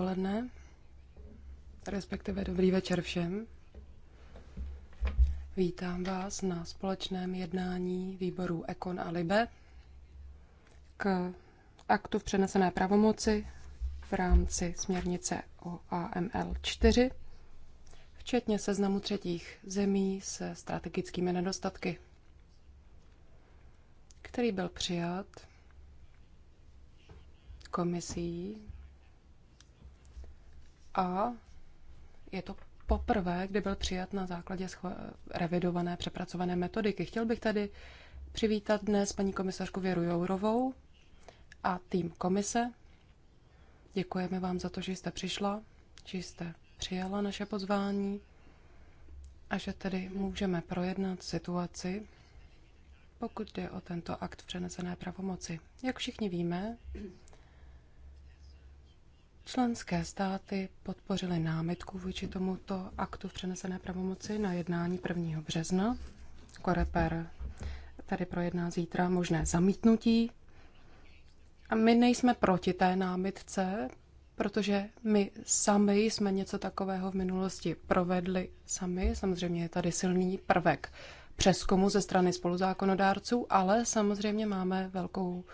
dopoledne, respektive dobrý večer všem. Vítám vás na společném jednání výborů Ekon a Libe k aktu v přenesené pravomoci v rámci směrnice o AML 4, včetně seznamu třetích zemí se strategickými nedostatky, který byl přijat komisí a je to poprvé, kdy byl přijat na základě revidované, přepracované metodiky. Chtěl bych tady přivítat dnes paní komisařku Věru Jourovou a tým komise. Děkujeme vám za to, že jste přišla, že jste přijala naše pozvání a že tedy můžeme projednat situaci, pokud jde o tento akt přenesené pravomoci. Jak všichni víme, Členské státy podpořily námitku vůči tomuto aktu v přenesené pravomoci na jednání 1. března. Koreper tady projedná zítra možné zamítnutí. A my nejsme proti té námitce, protože my sami jsme něco takového v minulosti provedli sami. Samozřejmě je tady silný prvek přeskumu ze strany spoluzákonodárců, ale samozřejmě máme velkou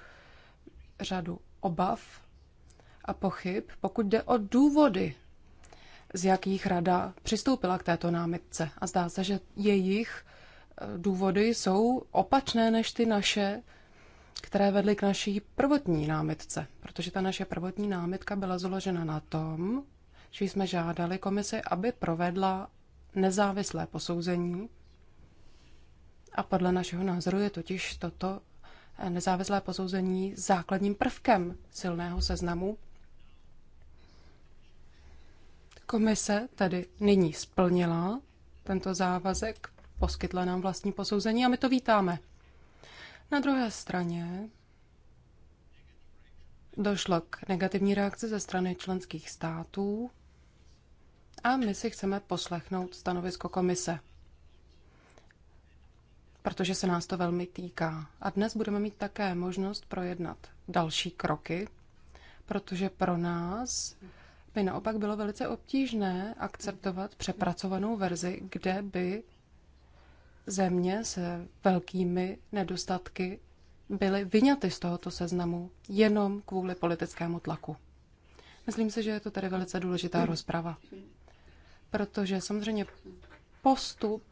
řadu obav a pochyb, pokud jde o důvody, z jakých rada přistoupila k této námitce. A zdá se, že jejich eh, důvody jsou opačné než ty naše, které vedly k naší prvotní námitce. Protože ta naše prvotní námitka byla založena na tom, že jsme žádali komisi, aby provedla nezávislé posouzení. A podle našeho názoru je totiž toto eh, nezávislé posouzení základním prvkem silného seznamu Komise tedy nyní splnila tento závazek, poskytla nám vlastní posouzení a my to vítáme. Na druhé straně došlo k negativní reakci ze strany členských států a my si chceme poslechnout stanovisko komise, protože se nás to velmi týká. A dnes budeme mít také možnost projednat další kroky, protože pro nás by naopak bylo velice obtížné akceptovat přepracovanou verzi, kde by země se velkými nedostatky byly vyňaty z tohoto seznamu jenom kvůli politickému tlaku. Myslím si, že je to tady velice důležitá rozprava, protože samozřejmě postup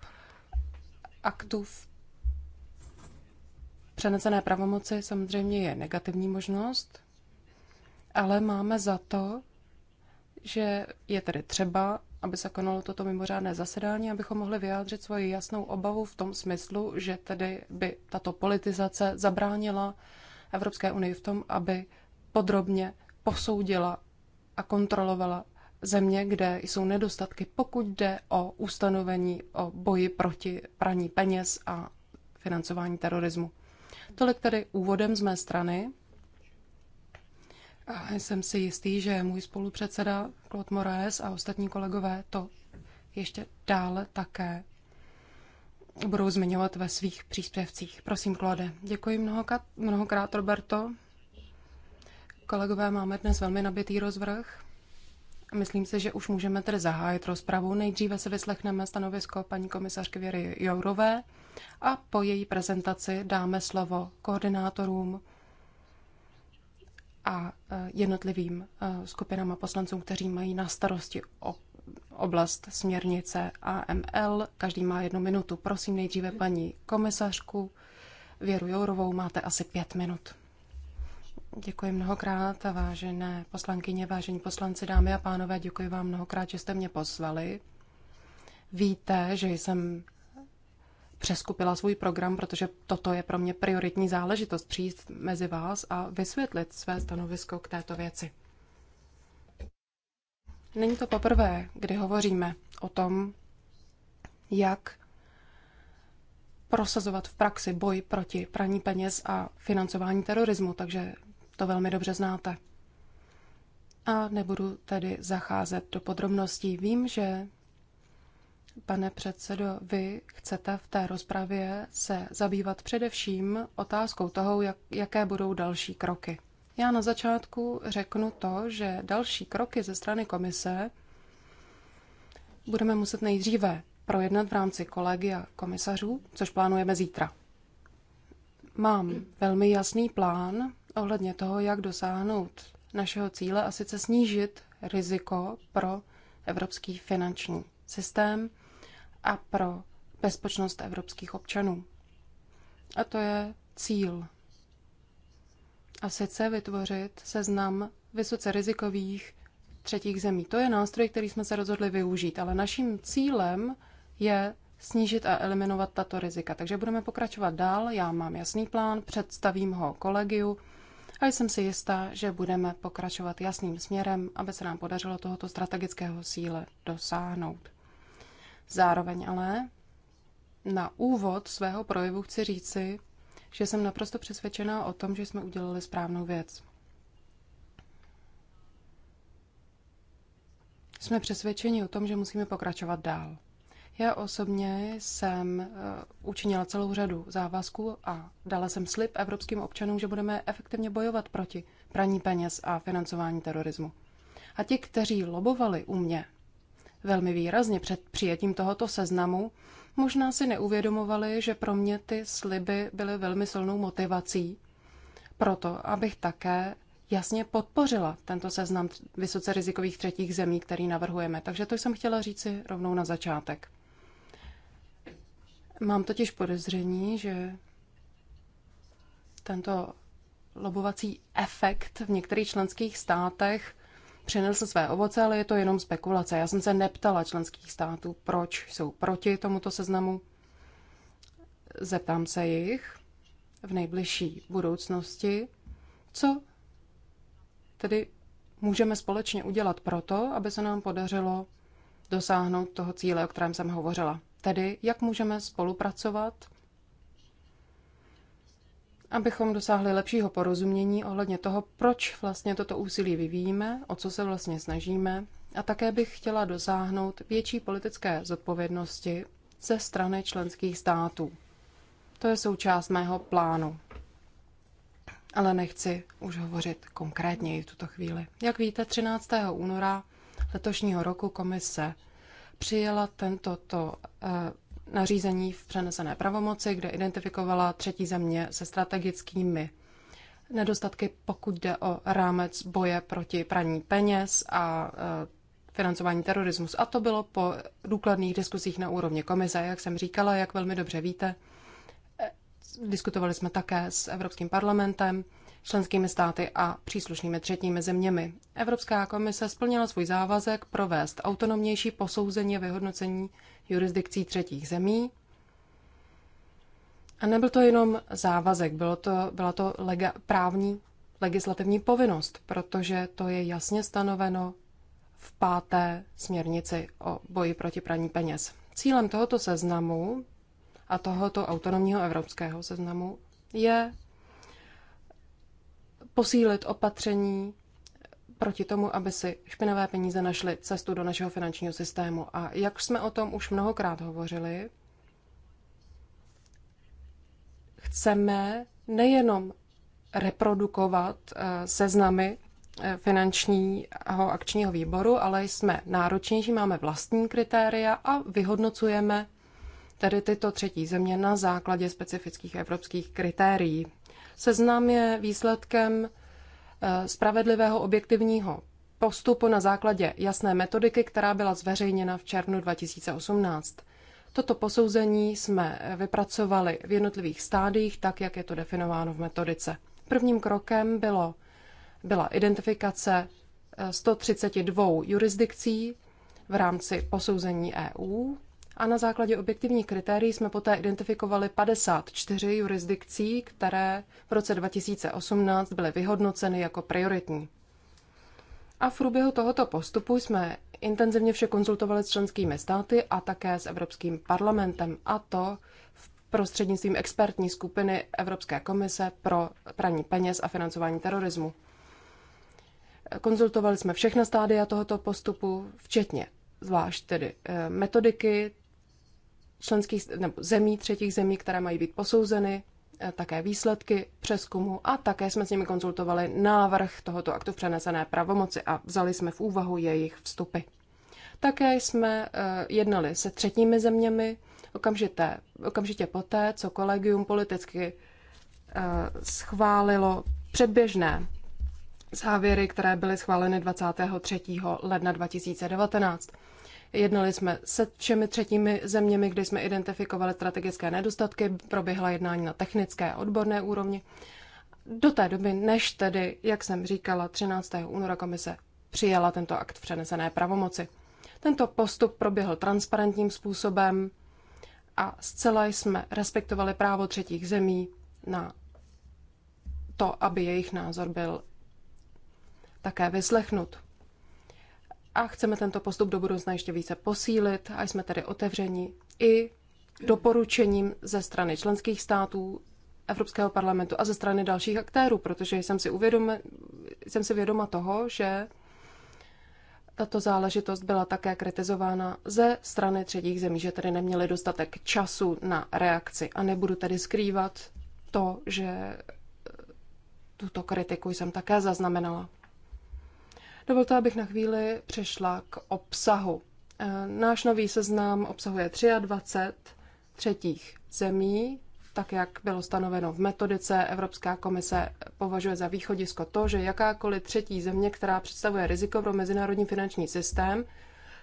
aktů v přenesené pravomoci samozřejmě je negativní možnost, ale máme za to, že je tedy třeba, aby se konalo toto mimořádné zasedání, abychom mohli vyjádřit svoji jasnou obavu v tom smyslu, že tedy by tato politizace zabránila Evropské unii v tom, aby podrobně posoudila a kontrolovala země, kde jsou nedostatky, pokud jde o ustanovení o boji proti praní peněz a financování terorismu. Tolik tedy úvodem z mé strany. A jsem si jistý, že můj spolupředseda Claude Moraes a ostatní kolegové to ještě dále také budou zmiňovat ve svých příspěvcích. Prosím, Claude. Děkuji mnohokrát, mnohokrát, Roberto. Kolegové, máme dnes velmi nabitý rozvrh. Myslím si, že už můžeme tedy zahájit rozpravu. Nejdříve se vyslechneme stanovisko paní komisařky Věry Jourové a po její prezentaci dáme slovo koordinátorům a e, jednotlivým e, skupinám a poslancům, kteří mají na starosti oblast směrnice AML. Každý má jednu minutu. Prosím nejdříve paní komisařku Věru Jourovou, máte asi pět minut. Děkuji mnohokrát, vážené poslankyně, vážení poslanci, dámy a pánové, děkuji vám mnohokrát, že jste mě pozvali. Víte, že jsem přeskupila svůj program, protože toto je pro mě prioritní záležitost přijít mezi vás a vysvětlit své stanovisko k této věci. Není to poprvé, kdy hovoříme o tom, jak prosazovat v praxi boj proti praní peněz a financování terorismu, takže to velmi dobře znáte. A nebudu tedy zacházet do podrobností. Vím, že Pane předsedo, vy chcete v té rozpravě se zabývat především otázkou toho, jak, jaké budou další kroky. Já na začátku řeknu to, že další kroky ze strany komise budeme muset nejdříve projednat v rámci kolegia komisařů, což plánujeme zítra. Mám velmi jasný plán ohledně toho, jak dosáhnout našeho cíle a sice snížit riziko pro evropský finanční systém a pro bezpečnost evropských občanů. A to je cíl. A sice vytvořit seznam vysoce rizikových třetích zemí. To je nástroj, který jsme se rozhodli využít, ale naším cílem je snížit a eliminovat tato rizika. Takže budeme pokračovat dál. Já mám jasný plán, představím ho kolegiu a jsem si jistá, že budeme pokračovat jasným směrem, aby se nám podařilo tohoto strategického síle dosáhnout. Zároveň ale na úvod svého projevu chci říci, že jsem naprosto přesvědčená o tom, že jsme udělali správnou věc. Jsme přesvědčeni o tom, že musíme pokračovat dál. Já osobně jsem eh, učinila celou řadu závazků a dala jsem slib evropským občanům, že budeme efektivně bojovat proti praní peněz a financování terorismu. A ti, kteří lobovali u mě velmi výrazně před přijetím tohoto seznamu, možná si neuvědomovali, že pro mě ty sliby byly velmi silnou motivací. Proto, abych také jasně podpořila tento seznam vysoce rizikových třetích zemí, který navrhujeme. Takže to jsem chtěla říci rovnou na začátek. Mám totiž podezření, že tento lobovací efekt v některých členských státech přinesl své ovoce, ale je to jenom spekulace. Já jsem se neptala členských států, proč jsou proti tomuto seznamu. Zeptám se jich v nejbližší budoucnosti, co tedy můžeme společně udělat proto, aby se nám podařilo dosáhnout toho cíle, o kterém jsem hovořila. Tedy, jak můžeme spolupracovat abychom dosáhli lepšího porozumění ohledně toho, proč vlastně toto úsilí vyvíjíme, o co se vlastně snažíme, a také bych chtěla dosáhnout větší politické zodpovědnosti ze strany členských států. To je součást mého plánu. Ale nechci už hovořit konkrétněji v tuto chvíli. Jak víte, 13. února letošního roku komise přijela tento to, eh, nařízení v přenesené pravomoci, kde identifikovala třetí země se strategickými nedostatky, pokud jde o rámec boje proti praní peněz a e, financování terorismus. A to bylo po důkladných diskusích na úrovni komise. Jak jsem říkala, jak velmi dobře víte, Diskutovali jsme také s Evropským parlamentem, členskými státy a příslušnými třetími zeměmi. Evropská komise splnila svůj závazek provést autonomnější posouzení a vyhodnocení jurisdikcí třetích zemí. A nebyl to jenom závazek, bylo to, byla to lega, právní legislativní povinnost, protože to je jasně stanoveno v páté směrnici o boji proti praní peněz. Cílem tohoto seznamu a tohoto autonomního evropského seznamu je posílit opatření proti tomu, aby si špinavé peníze našly cestu do našeho finančního systému. A jak jsme o tom už mnohokrát hovořili, chceme nejenom reprodukovat eh, seznamy eh, finančního akčního výboru, ale jsme náročnější, máme vlastní kritéria a vyhodnocujeme tedy tyto třetí země na základě specifických evropských kritérií. Seznam je výsledkem eh, spravedlivého objektivního postupu na základě jasné metodiky, která byla zveřejněna v červnu 2018. Toto posouzení jsme vypracovali v jednotlivých stádiích, tak jak je to definováno v metodice. Prvním krokem bylo, byla identifikace 132 eh, jurisdikcí v rámci posouzení EU, a na základě objektivních kritérií jsme poté identifikovali 54 jurisdikcí, které v roce 2018 byly vyhodnoceny jako prioritní. A v průběhu tohoto postupu jsme intenzivně vše konzultovali s členskými státy a také s Evropským parlamentem, a to v prostřednictvím expertní skupiny Evropské komise pro praní peněz a financování terorismu. Konzultovali jsme všechna stádia tohoto postupu, včetně zvlášť tedy eh, metodiky, členských nebo zemí, třetích zemí, které mají být posouzeny, eh, také výsledky přeskumu a také jsme s nimi konzultovali návrh tohoto aktu v přenesené pravomoci a vzali jsme v úvahu jejich vstupy. Také jsme eh, jednali se třetími zeměmi okamžitě, okamžitě poté, co kolegium politicky eh, schválilo předběžné závěry, které byly schváleny 23. ledna 2019. Jednali jsme se všemi třetími zeměmi, kde jsme identifikovali strategické nedostatky, proběhla jednání na technické a odborné úrovni. Do té doby, než tedy, jak jsem říkala, 13. února komise přijala tento akt v přenesené pravomoci. Tento postup proběhl transparentním způsobem a zcela jsme respektovali právo třetích zemí na to, aby jejich názor byl také vyslechnut a chceme tento postup do budoucna ještě více posílit a jsme tedy otevřeni i doporučením ze strany členských států Evropského parlamentu a ze strany dalších aktérů, protože jsem si, uvědom, jsem si vědoma toho, že tato záležitost byla také kritizována ze strany třetích zemí, že tedy neměli dostatek času na reakci. A nebudu tedy skrývat to, že tuto kritiku jsem také zaznamenala. Dovolte, abych na chvíli přešla k obsahu. E, náš nový seznam obsahuje 23 třetích zemí, tak jak bylo stanoveno v metodice, Evropská komise považuje za východisko to, že jakákoliv třetí země, která představuje riziko pro mezinárodní finanční systém,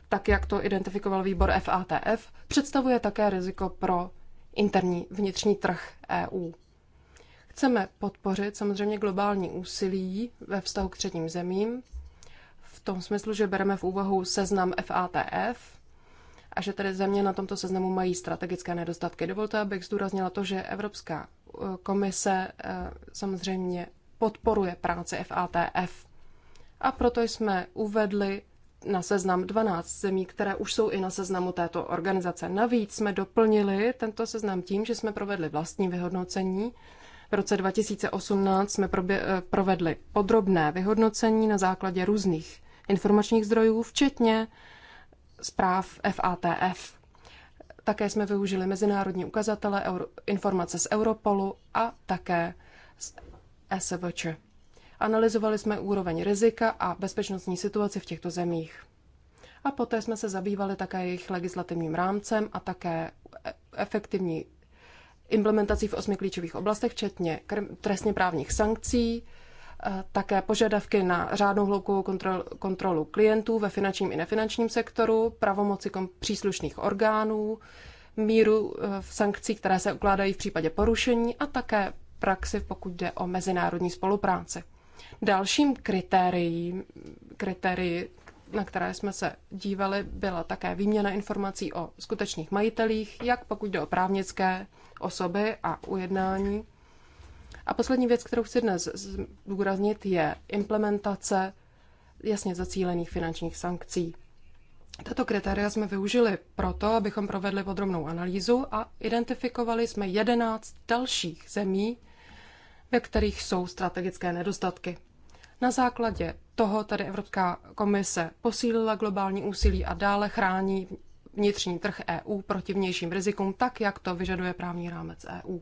tak jak to identifikoval výbor FATF, představuje také riziko pro interní vnitřní trh EU. Chceme podpořit samozřejmě globální úsilí ve vztahu k třetím zemím, v tom smyslu, že bereme v úvahu seznam FATF a že tedy země na tomto seznamu mají strategické nedostatky. Dovolte, abych zdůraznila to, že Evropská eh, komise eh, samozřejmě podporuje práci FATF. A proto jsme uvedli na seznam 12 zemí, které už jsou i na seznamu této organizace. Navíc jsme doplnili tento seznam tím, že jsme provedli vlastní vyhodnocení. V roce 2018 jsme eh, provedli podrobné vyhodnocení na základě různých informačních zdrojů, včetně zpráv FATF. Také jsme využili mezinárodní ukazatele, informace z Europolu a také z SVČ. Analyzovali jsme úroveň rizika a bezpečnostní situaci v těchto zemích. A poté jsme se zabývali také jejich legislativním rámcem a také efektivní implementací v osmi klíčových oblastech, včetně trestně právních sankcí, také požadavky na řádnou hloubkovou kontrolu klientů ve finančním i nefinančním sektoru, pravomoci příslušných orgánů, míru eh, v sankcí, které se ukládají v případě porušení a také praxi, pokud jde o mezinárodní spolupráci. Dalším kritérií, na které jsme se dívali, byla také výměna informací o skutečných majitelích, jak pokud jde o právnické osoby a ujednání, a poslední věc, kterou chci dnes zdůraznit, je implementace jasně zacílených finančních sankcí. Tato kritéria jsme využili proto, abychom provedli podrobnou analýzu a identifikovali jsme 11 dalších zemí, ve kterých jsou strategické nedostatky. Na základě toho tady Evropská komise posílila globální úsilí a dále chrání vnitřní trh EU proti vnějším rizikům, tak jak to vyžaduje právní rámec EU.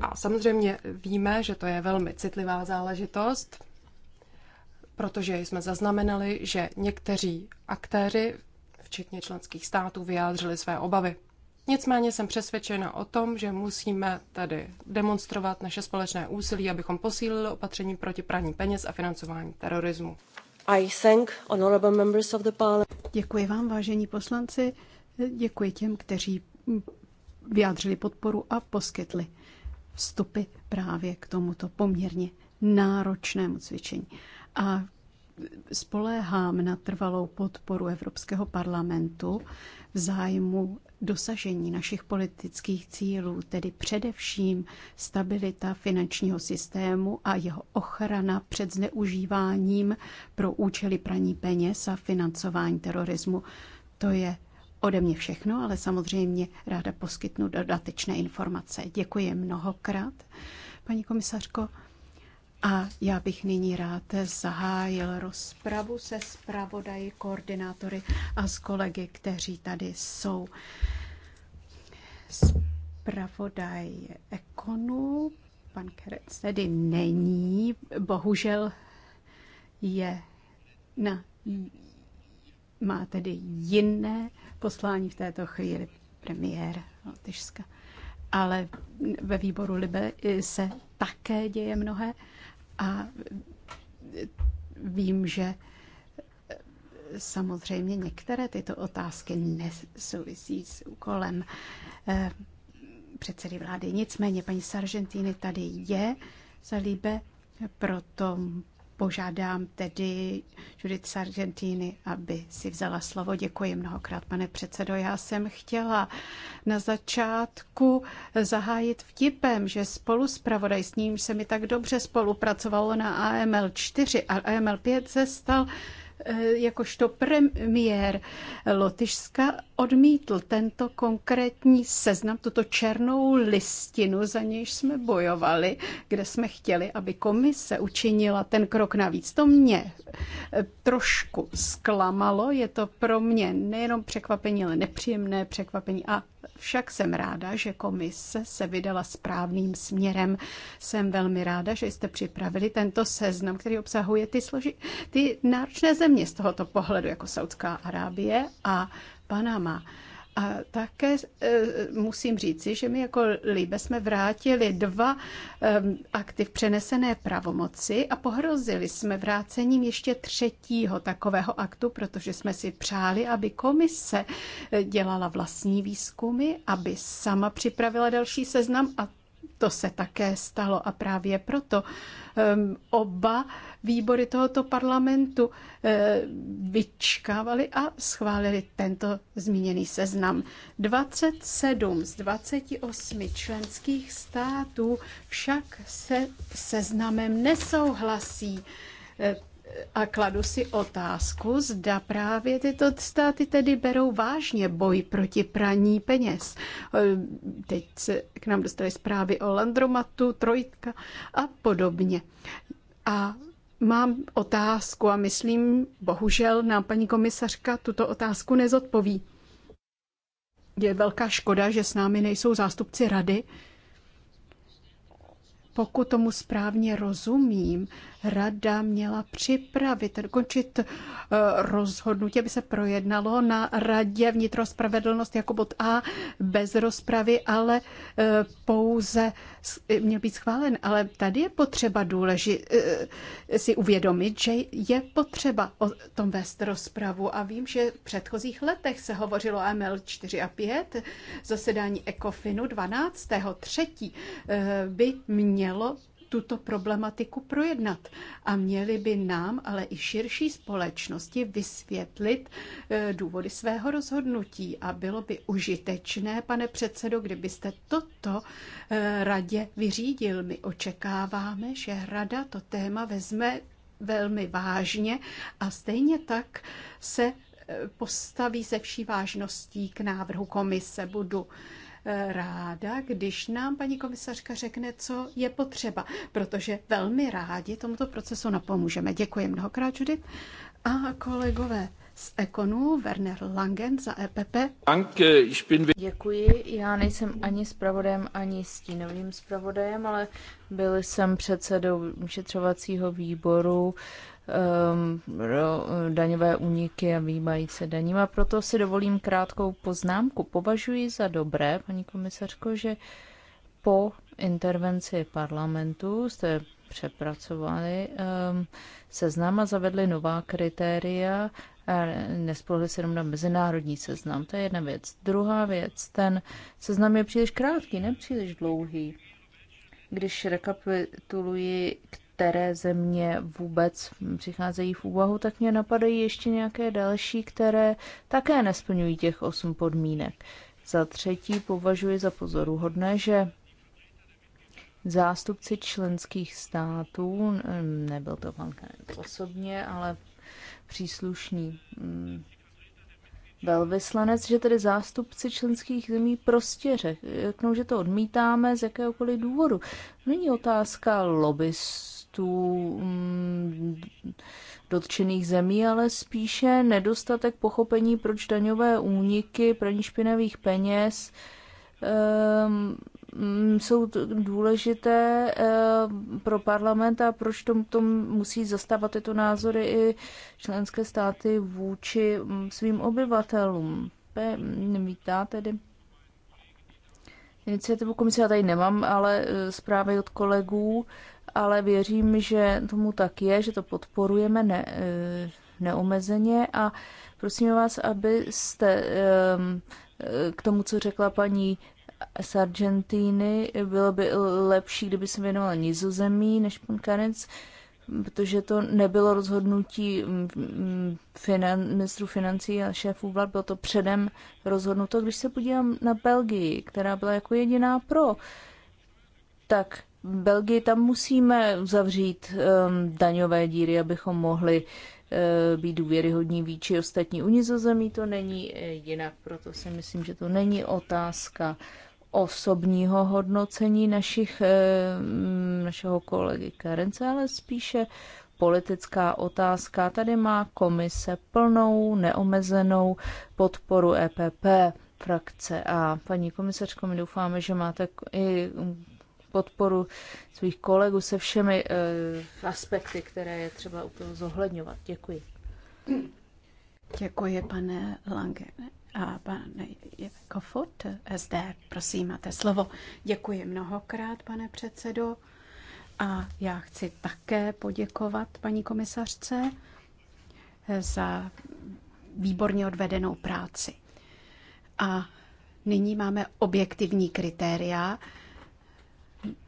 A samozřejmě víme, že to je velmi citlivá záležitost, protože jsme zaznamenali, že někteří aktéři, včetně členských států, vyjádřili své obavy. Nicméně jsem přesvědčena o tom, že musíme tady demonstrovat naše společné úsilí, abychom posílili opatření proti praní peněz a financování terorismu. I thank honorable members of the parliament. Děkuji vám, vážení poslanci. Děkuji těm, kteří vyjádřili podporu a poskytli vstupy právě k tomuto poměrně náročnému cvičení. A spoléhám na trvalou podporu Evropského parlamentu v zájmu dosažení našich politických cílů, tedy především stabilita finančního systému a jeho ochrana před zneužíváním pro účely praní peněz a financování terorismu. To je ode mě všechno, ale samozřejmě ráda poskytnu dodatečné informace. Děkuji mnohokrát, paní komisařko. A já bych nyní rád zahájil rozpravu se zpravodaji, koordinátory a s kolegy, kteří tady jsou. Zpravodaj Ekonu, pan Kerec tedy není, bohužel je na má tedy jiné poslání v této chvíli premiér Lotyšska. Ale ve výboru Libe se také děje mnohé a vím, že samozřejmě některé tyto otázky nesouvisí s úkolem eh, předsedy vlády. Nicméně paní Sargentini tady je za Libe, proto Požádám tedy Judith Sargentini, aby si vzala slovo. Děkuji mnohokrát, pane předsedo. Já jsem chtěla na začátku zahájit vtipem, že spolu s s ním se mi tak dobře spolupracovalo na AML 4 a AML 5 se stal Eh, jakožto premiér Lotyšska odmítl tento konkrétní seznam, tuto černou listinu, za nějž jsme bojovali, kde jsme chtěli, aby komise učinila ten krok navíc. To mě eh, trošku zklamalo, je to pro mě nejenom překvapení, ale nepříjemné překvapení a však jsem ráda, že komise se vydala správným směrem. Jsem velmi ráda, že jste připravili tento seznam, který obsahuje ty, složi- ty náročné země z tohoto pohledu, jako Saudská Arábie a Panama. A také eh, musím říci, že my jako Líbe jsme vrátili dva eh, akty v přenesené pravomoci a pohrozili jsme vrácením ještě třetího takového aktu, protože jsme si přáli, aby komise eh, dělala vlastní výzkumy, aby sama připravila další seznam a to se také stalo a právě proto um, oba výbory tohoto parlamentu uh, vyčkávali a schválili tento zmíněný seznam. 27 z 28 členských států však se seznamem nesouhlasí. Eh, a kladu si otázku, zda právě tyto státy tedy berou vážně boj proti praní peněz. E, teď se k nám dostaly zprávy o Landromatu, Trojka a podobně. A mám otázku a myslím, bohužel nám paní komisařka tuto otázku nezodpoví. Je velká škoda, že s námi nejsou zástupci rady, pokud tomu správně rozumím, rada měla připravit, dokončit eh, rozhodnutí, aby se projednalo na radě vnitro spravedlnost jako bod A bez rozpravy, ale eh, pouze měl být schválen. Ale tady je potřeba důležit eh, si uvědomit, že je potřeba o tom vést rozpravu. A vím, že v předchozích letech se hovořilo o ML 4 a 5, zasedání ECOFINu 12. 3. by měl mělo tuto problematiku projednat. A měli by nám, ale i širší společnosti vysvětlit eh, důvody svého rozhodnutí. A bylo by užitečné, pane předsedo, kdybyste toto eh, radě vyřídil. My očekáváme, že rada to téma vezme velmi vážně a stejně tak se eh, postaví se vší vážností k návrhu komise. Budu ráda, když nám paní komisařka řekne, co je potřeba, protože velmi rádi tomuto procesu napomůžeme. Děkuji mnohokrát, Judy. A kolegové z Ekonu, Werner Langen za EPP. Děkuji, já nejsem ani zpravodajem, ani stínovým zpravodajem, ale byl jsem předsedou vyšetřovacího výboru Um, ro, daňové úniky a výbající daním. A proto si dovolím krátkou poznámku. Považuji za dobré, paní komisařko, že po intervenci parlamentu jste přepracovali um, seznam a zavedli nová kritéria a nespolili se jenom na mezinárodní seznam. To je jedna věc. Druhá věc, ten seznam je příliš krátký, nepříliš dlouhý. Když rekapituluji, které země vůbec přicházejí v úvahu, tak mě napadají ještě nějaké další, které také nesplňují těch osm podmínek. Za třetí považuji za pozoruhodné, že zástupci členských států, nebyl to pan Kanet osobně, ale příslušný mm, velvyslanec, že tedy zástupci členských zemí prostě řeknou, že to odmítáme z jakéhokoliv důvodu. Není otázka lobbys, konfliktů mm, dotčených zemí, ale spíše nedostatek pochopení, proč daňové úniky, praní špinavých peněz ehm, mm, jsou důležité ehm, pro parlament a proč tom, tom musí zastávat tyto názory i členské státy vůči mm, svým obyvatelům. Vítá tedy iniciativu komise, já tady nemám, ale e, zprávy od kolegů ale věřím, že tomu tak je, že to podporujeme ne, eh, neomezeně a prosím vás, abyste ehm, eh, k tomu, co řekla paní z Argentíny, bylo by lepší, kdyby se věnovala nizozemí než pan Karenc, protože to nebylo rozhodnutí mm, mm, finan, ministru financí a šéfů vlád, bylo to předem rozhodnuto. Když se podívám na Belgii, která byla jako jediná pro, tak Belgii tam musíme zavřít um, ehm, daňové díry, abychom mohli eh, být důvěryhodní výči ostatní. U nizozemí to není eh, jinak, proto si myslím, že to není otázka osobního hodnocení našich, ehm, našeho kolegy Karence, ale spíše politická otázka. Tady má komise plnou, neomezenou podporu EPP frakce. A paní komisařko, my doufáme, že máte i podporu svých kolegů se všemi uh, aspekty, které je třeba úplně zohledňovat. Děkuji. Děkuji, pane Lange. A pane Kofot, SD, prosím, máte slovo. Děkuji mnohokrát, pane předsedo. A já chci také poděkovat paní komisařce za výborně odvedenou práci. A nyní máme objektivní kritéria,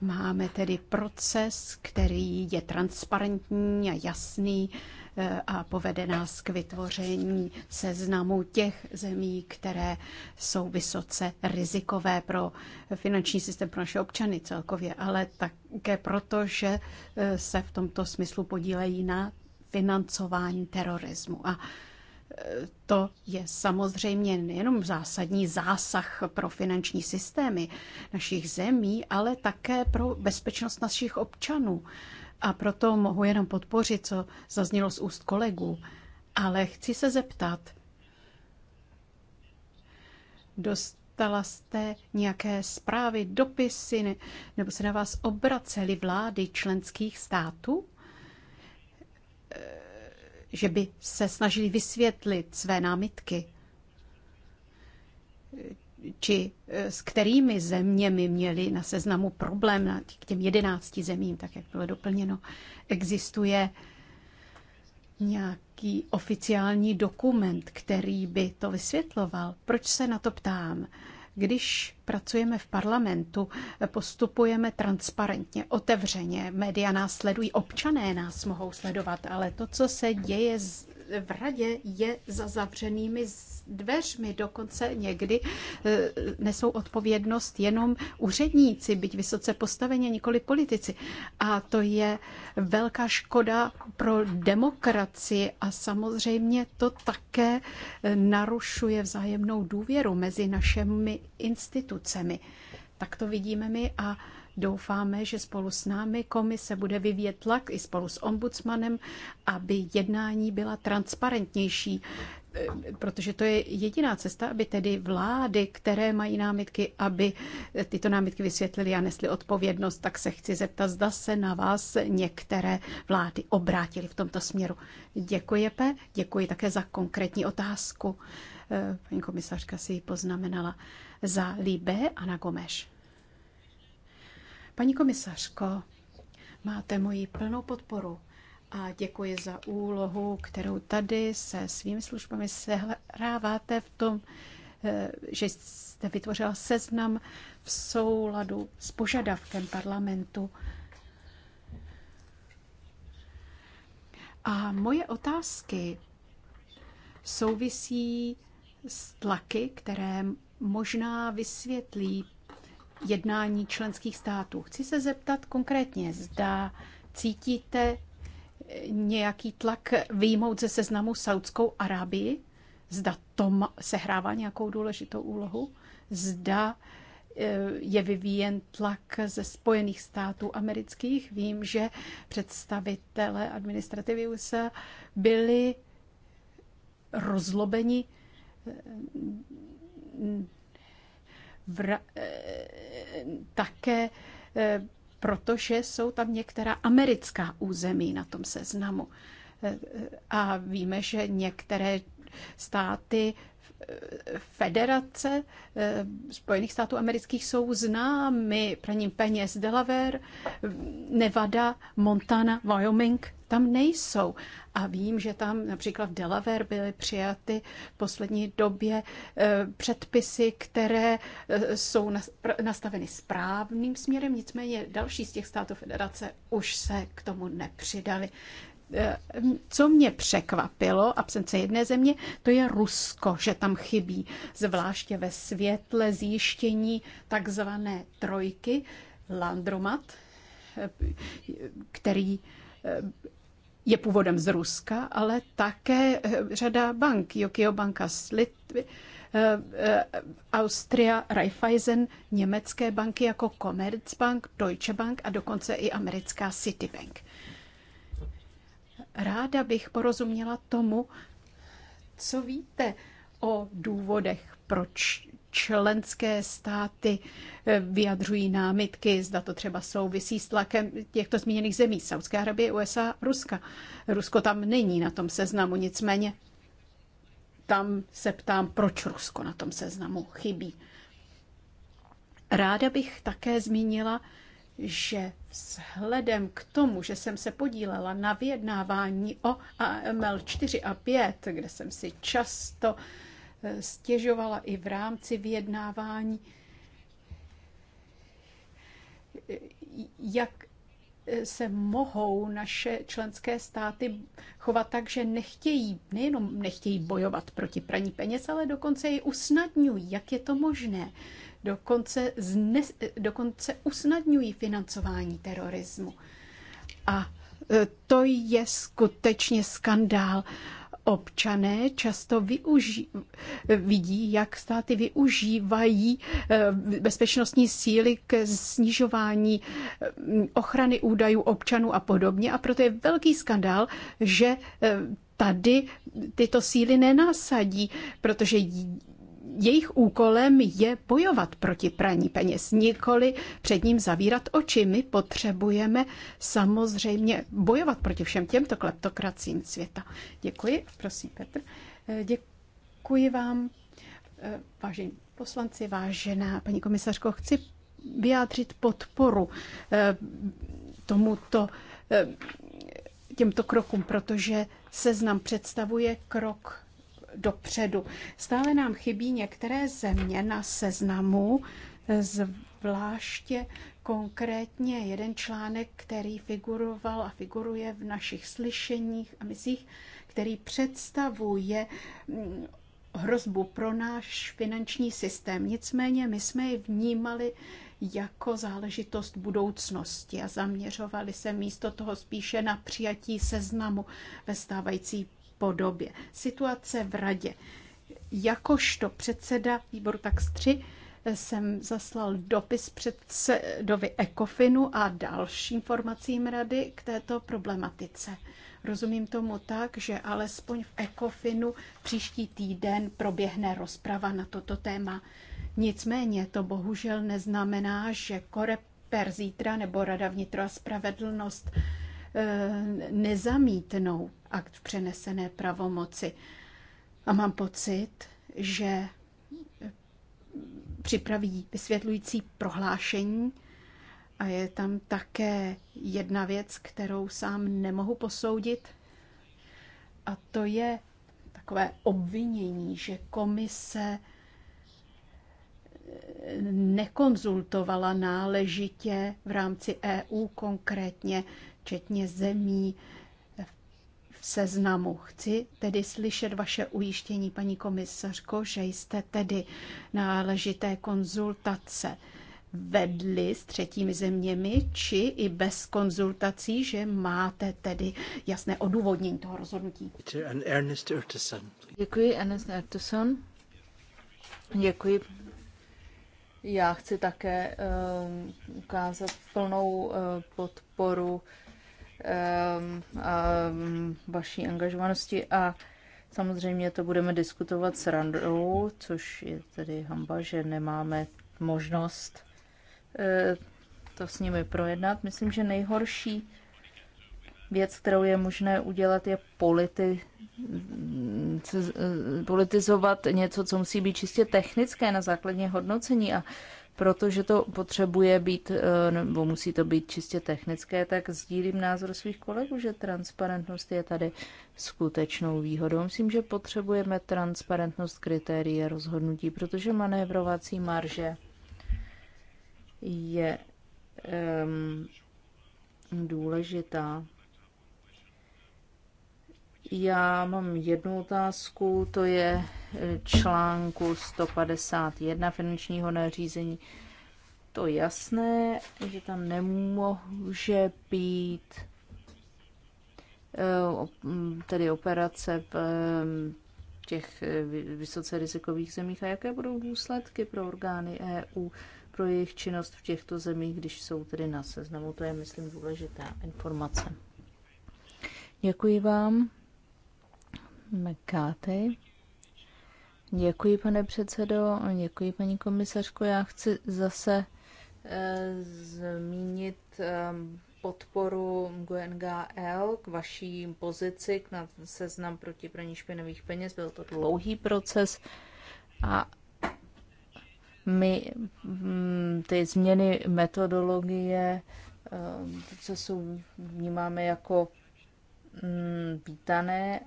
Máme tedy proces, který je transparentní a jasný eh, a povede nás k vytvoření seznamu těch zemí, které jsou vysoce rizikové pro finanční systém pro naše občany celkově, ale také proto, že eh, se v tomto smyslu podílejí na financování terorismu. A to je samozřejmě nejenom zásadní zásah pro finanční systémy našich zemí, ale také pro bezpečnost našich občanů. A proto mohu jenom podpořit, co zaznělo z úst kolegů. Ale chci se zeptat, dostala jste nějaké zprávy, dopisy, nebo se na vás obraceli vlády členských států? že by se snažili vysvětlit své námitky, či eh, s kterými zeměmi měli na seznamu problém, k těm jedenácti zemím, tak jak bylo doplněno, existuje nějaký oficiální dokument, který by to vysvětloval. Proč se na to ptám? Když pracujeme v parlamentu, postupujeme transparentně, otevřeně. Média nás sledují, občané nás mohou sledovat, ale to, co se děje v radě je za zavřenými dveřmi. Dokonce někdy e, nesou odpovědnost jenom úředníci, byť vysoce postaveně, nikoli politici. A to je velká škoda pro demokracii a samozřejmě to také e, narušuje vzájemnou důvěru mezi našimi institucemi. Tak to vidíme my a Doufáme, že spolu s námi komise bude vyvíjet tlak i spolu s ombudsmanem, aby jednání byla transparentnější eh, protože to je jediná cesta, aby tedy vlády, které mají námitky, aby tyto námitky vysvětlili a nesli odpovědnost, tak se chci zeptat, zda se na vás některé vlády obrátily v tomto směru. Děkuji, Pe, děkuji také za konkrétní otázku. Eh, paní komisařka si ji poznamenala za Libé a na Gomeš. Paní komisařko, máte moji plnou podporu a děkuji za úlohu, kterou tady se svými službami sehráváte v tom, eh, že jste vytvořila seznam v souladu s požadavkem parlamentu. A moje otázky souvisí s tlaky, které možná vysvětlí jednání členských států. Chci se zeptat konkrétně, zda cítíte nějaký tlak výjmout ze seznamu Saudskou Arábii? Zda to sehrává nějakou důležitou úlohu? Zda e, je vyvíjen tlak ze Spojených států amerických. Vím, že představitelé administrativy USA byli rozlobeni e, vra- eh, také eh, protože jsou tam některá americká území na tom seznamu. Eh, a víme, že některé Státy eh, Federace eh, Spojených států amerických jsou známy praním peněz Delaware, Nevada, Montana, Wyoming tam nejsou. A vím, že tam například v Delaware byly přijaty v poslední době eh, předpisy, které jsou nastaveny správným směrem, nicméně další z těch států federace už se k tomu nepřidali. Eh, co mě překvapilo, absence jedné země, to je Rusko, že tam chybí, zvláště ve světle zjištění takzvané trojky Landromat, eh, který eh, je původem z Ruska, ale také řada bank, Jokio banka z Litvy, Austria, Raiffeisen, německé banky jako Commerzbank, Deutsche Bank a dokonce i americká Citibank. Ráda bych porozuměla tomu, co víte o důvodech, proč členské státy eh, vyjadřují námitky, zda to třeba souvisí s tlakem těchto zmíněných zemí, Saudské Arabie, USA, Ruska. Rusko tam není na tom seznamu, nicméně tam se ptám, proč Rusko na tom seznamu chybí. Ráda bych také zmínila že vzhledem k tomu, že jsem se podílela na vyjednávání o AML 4 a 5, kde jsem si často eh, stěžovala i v rámci vyjednávání, jak eh, se mohou naše členské státy chovat tak, že nechtějí, nejenom nechtějí bojovat proti praní peněz, ale dokonce ji usnadňují. Jak je to možné? dokonce, zne, dokonce usnadňují financování terorismu. A e, to je skutečně skandál. Občané často využí, vidí, jak státy využívají e, bezpečnostní síly k snižování ochrany údajů občanů a podobně. A proto je velký skandál, že e, tady tyto síly nenasadí, protože jejich úkolem je bojovat proti praní peněz, nikoli před ním zavírat oči. My potřebujeme samozřejmě bojovat proti všem těmto kleptokracím světa. Děkuji, prosím Petr. Eh, děkuji vám, eh, vážení poslanci, vážená paní komisařko, chci vyjádřit podporu eh, tomuto těmto krokům, protože seznam představuje krok dopředu. Stále nám chybí některé země na seznamu, zvláště konkrétně jeden článek, který figuroval a figuruje v našich slyšeních a misích, který představuje mm, hrozbu pro náš finanční systém. Nicméně my jsme ji vnímali jako záležitost budoucnosti a zaměřovali se místo toho spíše na přijatí seznamu ve stávající podobě. Situace v radě. Jakožto předseda výboru tak 3 eh, jsem zaslal dopis předsedovi Ekofinu a dalším informacím rady k této problematice. Rozumím tomu tak, že alespoň v Ekofinu příští týden proběhne rozprava na toto téma. Nicméně to bohužel neznamená, že Koreper zítra nebo Rada vnitro a spravedlnost Eh, nezamítnou akt přenesené pravomoci. A mám pocit, že připraví vysvětlující prohlášení a je tam také jedna věc, kterou sám nemohu posoudit, a to je takové obvinění, že komise eh, nekonzultovala náležitě v rámci EU konkrétně včetně zemí v seznamu. Chci tedy slyšet vaše ujištění, paní komisařko, že jste tedy náležité konzultace vedli s třetími zeměmi, či i bez konzultací, že máte tedy jasné odůvodnění toho rozhodnutí. Děkuji, Ernest Erteson. Děkuji. Já chci také uh, ukázat plnou uh, podporu Um, um, vaší angažovanosti a samozřejmě to budeme diskutovat s Randou, což je tedy hamba, že nemáme možnost eh, to s nimi projednat. Myslím, že nejhorší věc, kterou je možné udělat, je politi- politizovat něco, co musí být čistě technické na základě hodnocení a protože to potřebuje být, eh, nebo musí to být čistě technické, tak sdílím názor svých kolegů, že transparentnost je tady skutečnou výhodou. Myslím, že potřebujeme transparentnost kritérií, rozhodnutí, protože manévrovací marže je um, důležitá. Já mám jednu otázku, to je článku 151 finančního nařízení to jasné, že tam nemůže být eh, tedy operace v eh, těch eh, vysoce rizikových zemích a jaké budou důsledky pro orgány EU pro jejich činnost v těchto zemích, když jsou tedy na seznamu. To je, myslím, důležitá informace. Děkuji vám. McCarthy. Děkuji, pane předsedo, děkuji, paní komisařko. Já chci zase eh, zmínit eh, podporu GNGL k vaší pozici na seznam proti praní špinavých peněz. Byl to dlouhý proces a my hm, ty změny metodologie procesu eh, vnímáme jako hm, vítané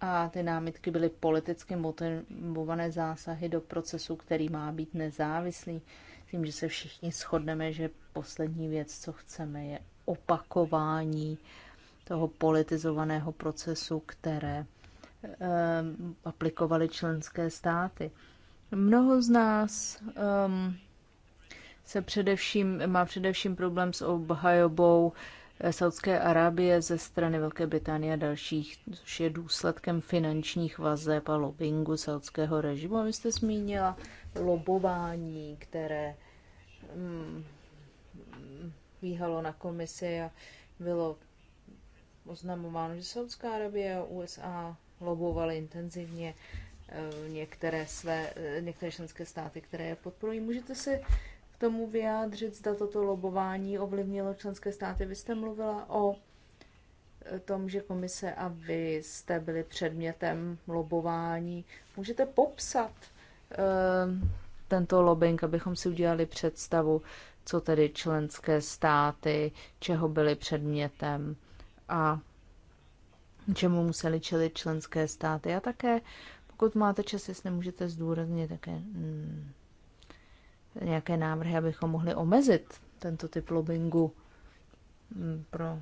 a ty námitky byly politicky motivované zásahy do procesu, který má být nezávislý. Tím, že se všichni shodneme, že poslední věc, co chceme, je opakování toho politizovaného procesu, které eh, aplikovaly členské státy. Mnoho z nás eh, se především, má především problém s obhajobou eh, Saudské Arábie ze strany Velké Británie a dalších, což je důsledkem finančních vazeb a lobbingu saudského režimu. A vy jste zmínila lobování, které mm, výhalo na komisi a bylo oznamováno, že Saudská Arabie a USA lobovaly intenzivně eh, některé své, eh, některé členské státy, které je podporují. Můžete si tomu vyjádřit, zda toto lobování ovlivnilo členské státy. Vy jste mluvila o e, tom, že komise a vy jste byli předmětem lobování. Můžete popsat uh, tento lobbying, abychom si udělali představu, co tedy členské státy, čeho byly předmětem a čemu museli čelit členské státy. A také, pokud máte čas, jestli můžete zdůraznit také mm, nějaké návrhy, abychom mohli omezit tento typ lobbyingu mm, pro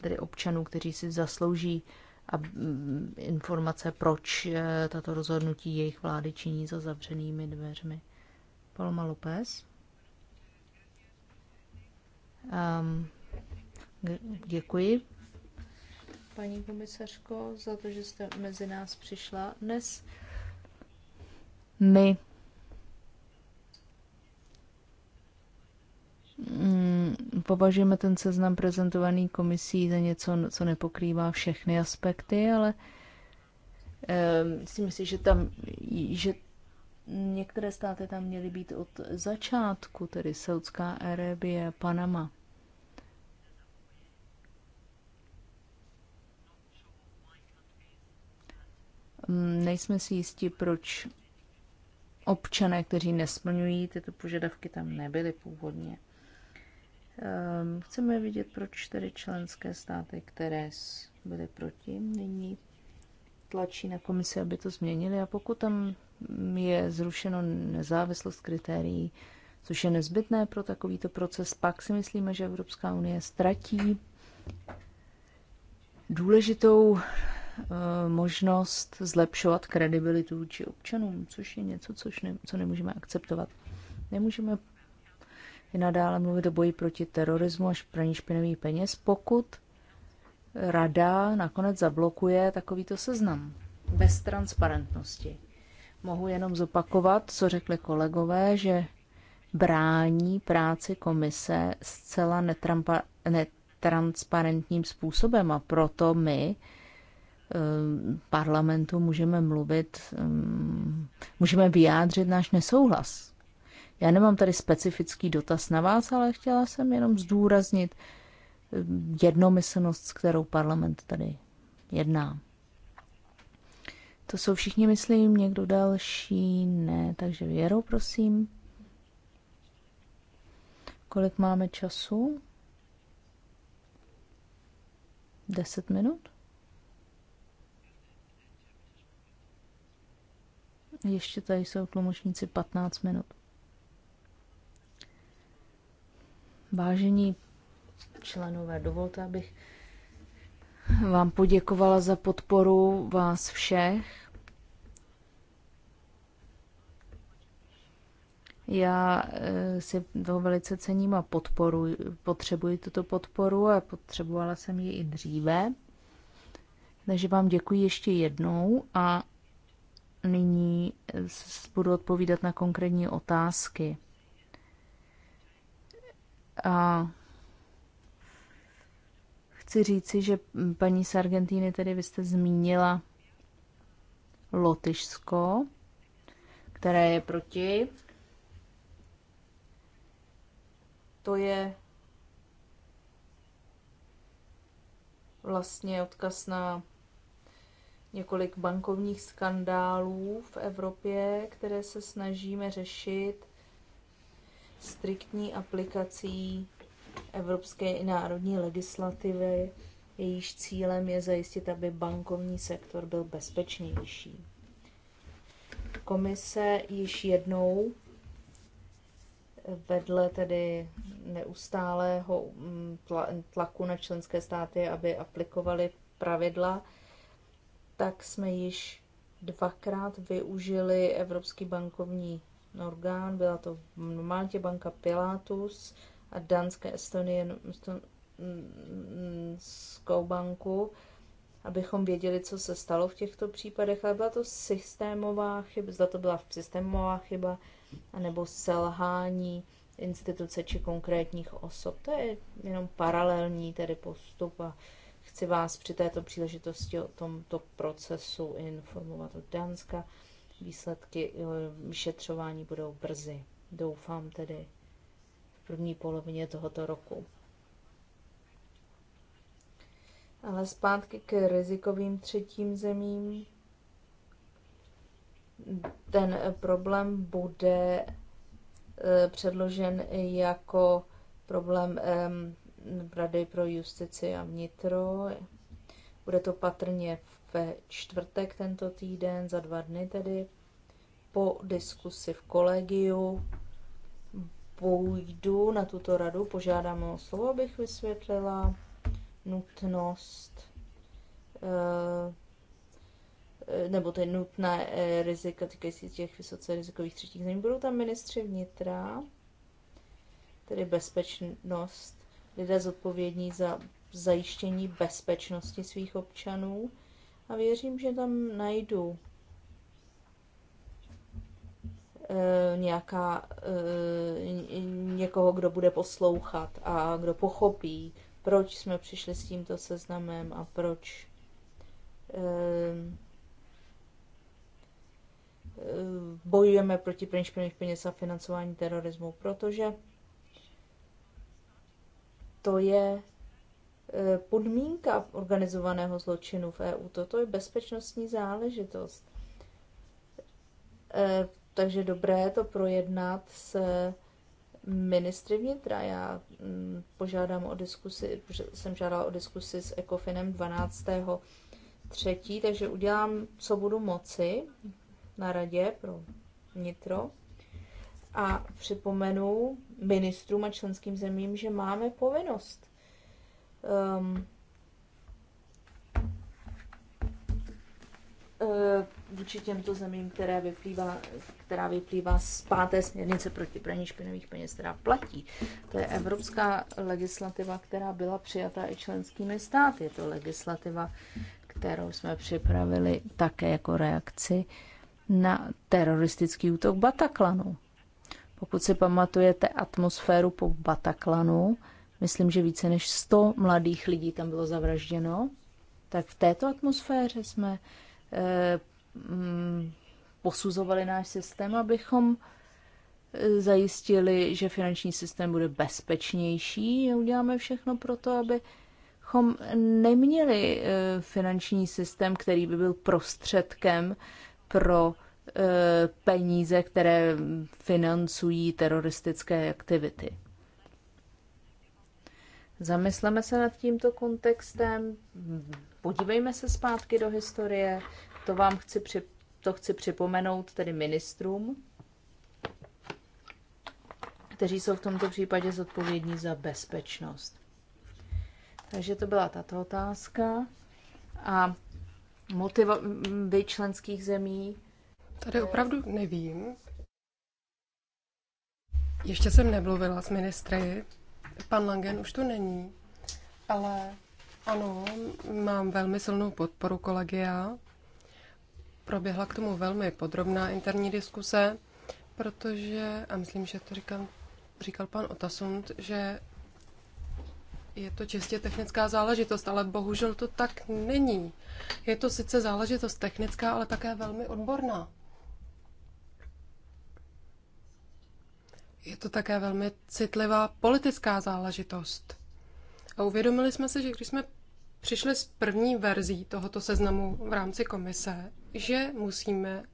tedy občanů, kteří si zaslouží a mm, informace, proč eh, tato rozhodnutí jejich vlády činí za zavřenými dveřmi. Paloma López. Um, děkuji, paní komisařko, za to, že jste mezi nás přišla dnes. My Mm, považujeme ten seznam prezentovaný komisí za něco, co nepokrývá všechny aspekty, ale myslím si, že tam, že některé státy tam měly být od začátku, tedy Saudská Arábie, Panama. Mm, nejsme si jistí, proč občané, kteří nesplňují tyto požadavky, tam nebyli původně. Ehm, chceme vidět, proč čtyři členské státy, které byly proti, nyní tlačí na komisi, aby to změnili. A pokud tam je zrušeno nezávislost kritérií, což je nezbytné pro takovýto proces, pak si myslíme, že Evropská unie ztratí důležitou ehm, možnost zlepšovat kredibilitu vůči občanům, což je něco, což ne, co nemůžeme akceptovat. Nemůžeme i nadále mluvit o boji proti terorismu až praní špinavých peněz, pokud rada nakonec zablokuje takovýto seznam bez transparentnosti. Mohu jenom zopakovat, co řekli kolegové, že brání práci komise zcela netrampa, netransparentním způsobem a proto my um, parlamentu můžeme mluvit, um, můžeme vyjádřit náš nesouhlas já nemám tady specifický dotaz na vás, ale chtěla jsem jenom zdůraznit eh, jednomyslnost, s kterou parlament tady jedná. To jsou všichni, myslím, někdo další? Ne, takže Věro, prosím. Kolik máme času? Deset minut? Ještě tady jsou tlumočníci 15 minut. Vážení členové, dovolte, abych vám poděkovala za podporu vás všech. Já eh, si toho velice cením a podporu, potřebuji tuto podporu a potřebovala jsem ji i dříve. Takže vám děkuji ještě jednou a nyní budu odpovídat na konkrétní otázky. A chci říci, že paní z Argentíny, tedy vy jste zmínila Lotyšsko, které je proti. To je vlastně odkaz na několik bankovních skandálů v Evropě, které se snažíme řešit striktní aplikací evropské i národní legislativy, jejíž cílem je zajistit, aby bankovní sektor byl bezpečnější. Komise již jednou vedle tedy neustálého mm, tlaku na členské státy, aby aplikovali pravidla, tak jsme již dvakrát využili Evropský bankovní Norgán byla to v Maltě banka Pilatus a Danské Estonie, Estonskou banku, abychom věděli, co se stalo v těchto případech, ale byla to systémová chyba, zda to byla systémová chyba, anebo selhání instituce či konkrétních osob. To je jenom paralelní tedy postup a chci vás při této příležitosti o tomto procesu informovat od Danska. Výsledky eh, vyšetřování budou brzy. Doufám tedy v první polovině tohoto roku. Ale zpátky k rizikovým třetím zemím. Ten eh, problém bude eh, předložen jako problém Rady pro justici a vnitro. Bude to patrně v ve čtvrtek tento týden, za dva dny tedy, po diskusi v kolegiu půjdu na tuto radu, požádám o slovo, abych vysvětlila nutnost eh, nebo ty nutné eh, rizika týkající těch vysoce rizikových třetích zemí. Budou tam ministři vnitra, tedy bezpečnost, lidé zodpovědní za zajištění bezpečnosti svých občanů, a věřím, že tam najdu e, nějaká, e, někoho, kdo bude poslouchat a kdo pochopí, proč jsme přišli s tímto seznamem a proč e, bojujeme proti praní peněz a financování terorismu, protože to je Eh, podmínka organizovaného zločinu v EU. Toto je bezpečnostní záležitost. Eh, takže dobré je to projednat s ministry vnitra. Já mm, požádám o diskusi, jsem žádala o diskusi s Ecofinem 12. třetí, takže udělám, co budu moci na radě pro nitro a připomenu ministrům a členským zemím, že máme povinnost um, vůči těmto zemím, které vyplývá, která vyplývá z páté směrnice proti praní špinavých peněz, která platí. To je evropská legislativa, která byla přijata i členskými státy. Je to legislativa, kterou jsme připravili také jako reakci na teroristický útok Bataklanu. Pokud si pamatujete atmosféru po Bataklanu, Myslím, že více než 100 mladých lidí tam bylo zavražděno. Tak v této atmosféře jsme eh, mm, posuzovali náš systém, abychom eh, zajistili, že finanční systém bude bezpečnější. Uděláme všechno pro to, abychom neměli eh, finanční systém, který by byl prostředkem pro peníze, které financují teroristické aktivity. Zamysleme se nad tímto kontextem, podívejme se zpátky do historie, to vám chci, při, to chci připomenout tedy ministrům, kteří jsou v tomto případě zodpovědní za bezpečnost. Takže to byla tato otázka. A motivy členských zemí? Tady opravdu nevím. Ještě jsem nemluvila s ministry Pan Langen už tu není, ale ano, mám velmi silnou podporu kolegia. Proběhla k tomu velmi podrobná interní diskuse, protože, a myslím, že to říkal, říkal pan Otasund, že je to čistě technická záležitost, ale bohužel to tak není. Je to sice záležitost technická, ale také velmi odborná. je to také velmi citlivá politická záležitost. A uvědomili jsme se, že když jsme přišli s první verzí tohoto seznamu v rámci komise, že musíme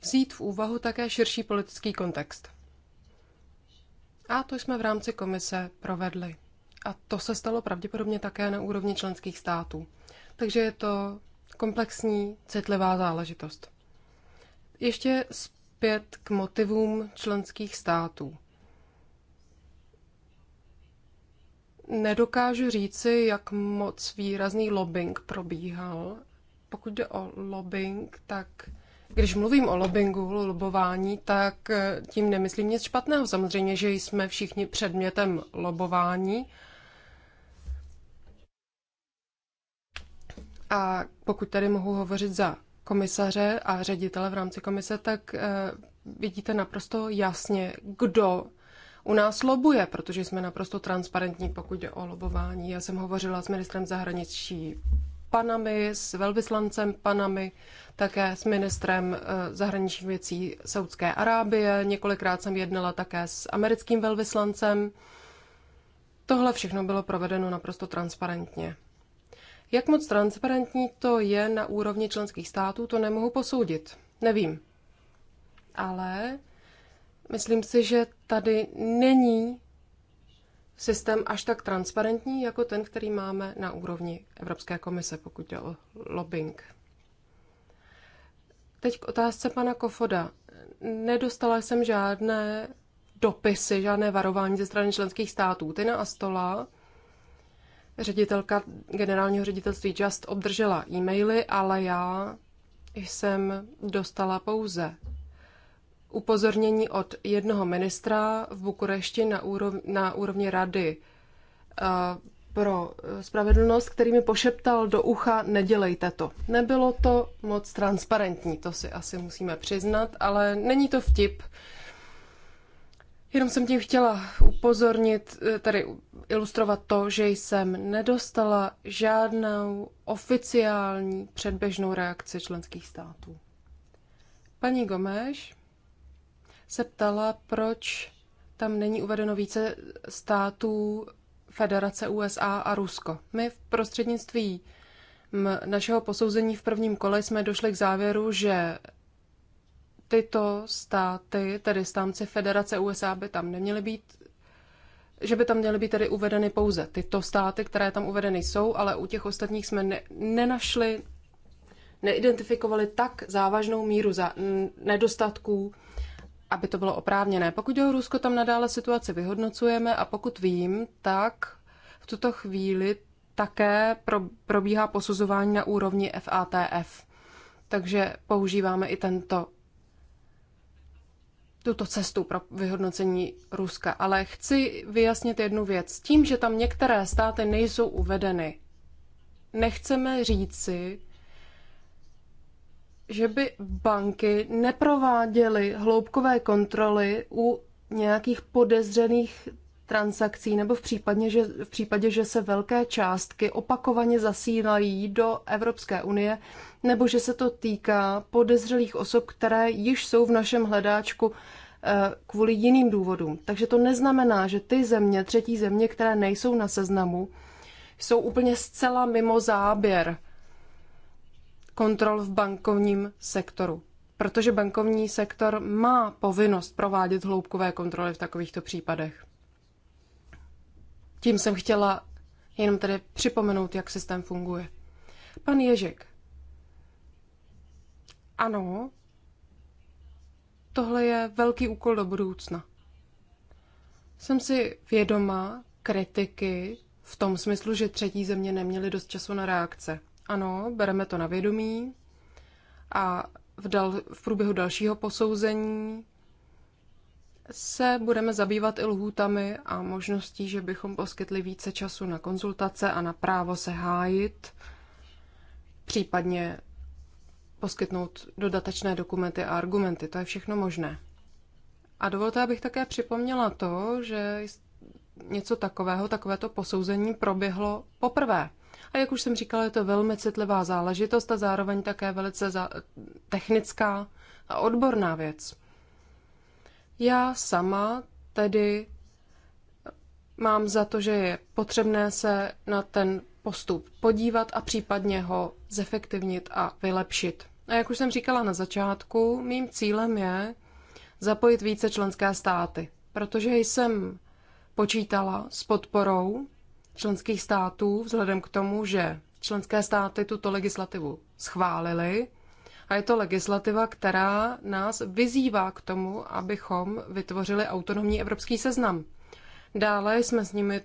vzít v úvahu také širší politický kontext. A to jsme v rámci komise provedli. A to se stalo pravděpodobně také na úrovni členských států. Takže je to komplexní, citlivá záležitost. Ještě z Opět k motivům členských států. Nedokážu říci, jak moc výrazný lobbying probíhal. Pokud jde o lobbying, tak když mluvím o lobbingu, lobování, tak eh, tím nemyslím nic špatného. Samozřejmě, že jsme všichni předmětem lobování. A pokud tady mohu hovořit za komisaře a ředitele v rámci komise, tak eh, vidíte naprosto jasně, kdo u nás lobuje, protože jsme naprosto transparentní, pokud jde o lobování. Já jsem hovořila s ministrem zahraničí Panamy, s velvyslancem Panamy, také s ministrem eh, zahraničních věcí Saudské Arábie. Několikrát jsem jednala také s americkým velvyslancem. Tohle všechno bylo provedeno naprosto transparentně. Jak moc transparentní to je na úrovni členských států, to nemohu posoudit. Nevím. Ale myslím si, že tady není systém až tak transparentní, jako ten, který máme na úrovni Evropské komise, pokud jde o lobbying. Teď k otázce pana Kofoda. Nedostala jsem žádné dopisy, žádné varování ze strany členských států. Ty na Astola ředitelka generálního ředitelství Just obdržela e-maily, ale já jsem dostala pouze upozornění od jednoho ministra v Bukurešti na, úrov, na úrovni rady eh, pro spravedlnost, který mi pošeptal do ucha, nedělejte to. Nebylo to moc transparentní, to si asi musíme přiznat, ale není to vtip. Jenom jsem tím chtěla upozornit, eh, tady ilustrovat to, že jsem nedostala žádnou oficiální předběžnou reakci členských států. Paní Gomeš se ptala, proč tam není uvedeno více států Federace USA a Rusko. My v prostřednictví našeho posouzení v prvním kole jsme došli k závěru, že tyto státy, tedy stánci Federace USA, by tam neměly být, že by tam měly být tedy uvedeny pouze tyto státy, které tam uvedeny jsou, ale u těch ostatních jsme ne, nenašli, neidentifikovali tak závažnou míru za, nedostatků, aby to bylo oprávněné. Pokud jde o Rusko, tam nadále situaci vyhodnocujeme a pokud vím, tak v tuto chvíli také pro, probíhá posuzování na úrovni FATF. Takže používáme i tento tuto cestu pro vyhodnocení Ruska, ale chci vyjasnit jednu věc. Tím, že tam některé státy nejsou uvedeny, nechceme říci, že by banky neprováděly hloubkové kontroly u nějakých podezřených transakcí nebo v, případě, že, v případě, že se velké částky opakovaně zasílají do Evropské unie, nebo že se to týká podezřelých osob, které již jsou v našem hledáčku eh, kvůli jiným důvodům. Takže to neznamená, že ty země, třetí země, které nejsou na seznamu, jsou úplně zcela mimo záběr kontrol v bankovním sektoru. Protože bankovní sektor má povinnost provádět hloubkové kontroly v takovýchto případech. Tím jsem chtěla jenom tedy připomenout, jak systém funguje. Pan Ježek ano, tohle je velký úkol do budoucna. Jsem si vědoma kritiky v tom smyslu, že třetí země neměly dost času na reakce. Ano, bereme to na vědomí a v, dal- v průběhu dalšího posouzení se budeme zabývat i lhůtami a možností, že bychom poskytli více času na konzultace a na právo se hájit, případně poskytnout dodatečné dokumenty a argumenty. To je všechno možné. A dovolte, abych také připomněla to, že něco takového, takovéto posouzení proběhlo poprvé. A jak už jsem říkala, je to velmi citlivá záležitost a zároveň také velice za- technická a odborná věc. Já sama tedy mám za to, že je potřebné se na ten postup podívat a případně ho zefektivnit a vylepšit. A jak už jsem říkala na začátku, mým cílem je zapojit více členské státy, protože jsem počítala s podporou členských států vzhledem k tomu, že členské státy tuto legislativu schválily a je to legislativa, která nás vyzývá k tomu, abychom vytvořili autonomní evropský seznam. Dále jsme s nimi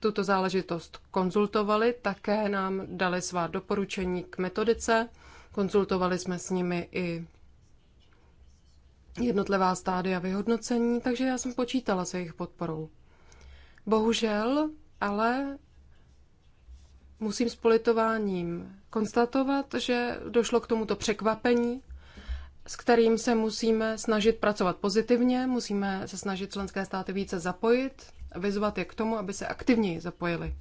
tuto záležitost konzultovali, také nám dali svá doporučení k metodice konzultovali jsme s nimi i jednotlivá stádia vyhodnocení, takže já jsem počítala s jejich podporou. Bohužel, ale musím s politováním konstatovat, že došlo k tomuto překvapení, s kterým se musíme snažit pracovat pozitivně, musíme se snažit členské státy více zapojit, vyzvat je k tomu, aby se aktivněji zapojili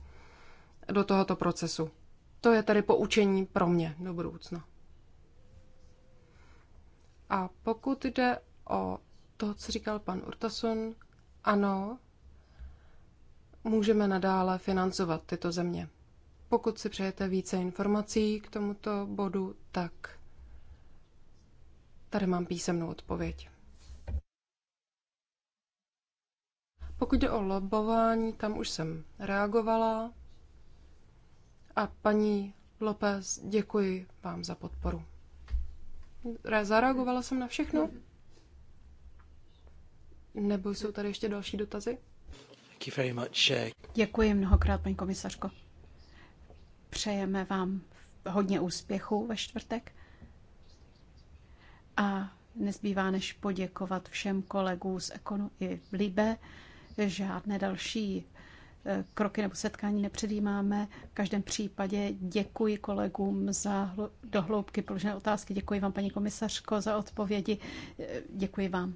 do tohoto procesu. To je tedy poučení pro mě do budoucna. A pokud jde o to, co říkal pan Urtasun, ano, můžeme nadále financovat tyto země. Pokud si přejete více informací k tomuto bodu, tak tady mám písemnou odpověď. Pokud jde o lobování, tam už jsem reagovala. A paní López, děkuji vám za podporu. Zareagovala jsem na všechno? Nebo jsou tady ještě další dotazy? Eh. Děkuji mnohokrát, paní komisařko. Přejeme vám hodně úspěchu ve čtvrtek. A nezbývá než poděkovat všem kolegům z Ekonu i Libe. Žádné další kroky nebo setkání nepředjímáme. V každém případě děkuji kolegům za dohloubky položené otázky, děkuji vám, paní komisařko, za odpovědi, děkuji vám.